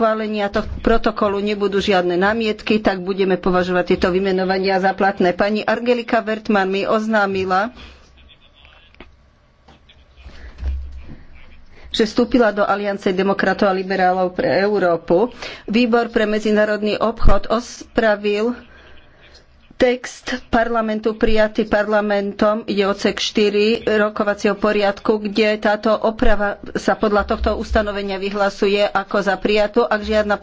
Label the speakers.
Speaker 1: schválenia tohto protokolu nebudú žiadne námietky, tak budeme považovať tieto vymenovania za platné. Pani Angelika Vertman mi oznámila, že vstúpila do Aliancie demokratov a liberálov pre Európu. Výbor pre medzinárodný obchod ospravil text parlamentu prijatý parlamentom, ide odsek 4 rokovacieho poriadku, kde táto oprava sa podľa tohto ustanovenia vyhlasuje ako za prijatú,
Speaker 2: ak žiadna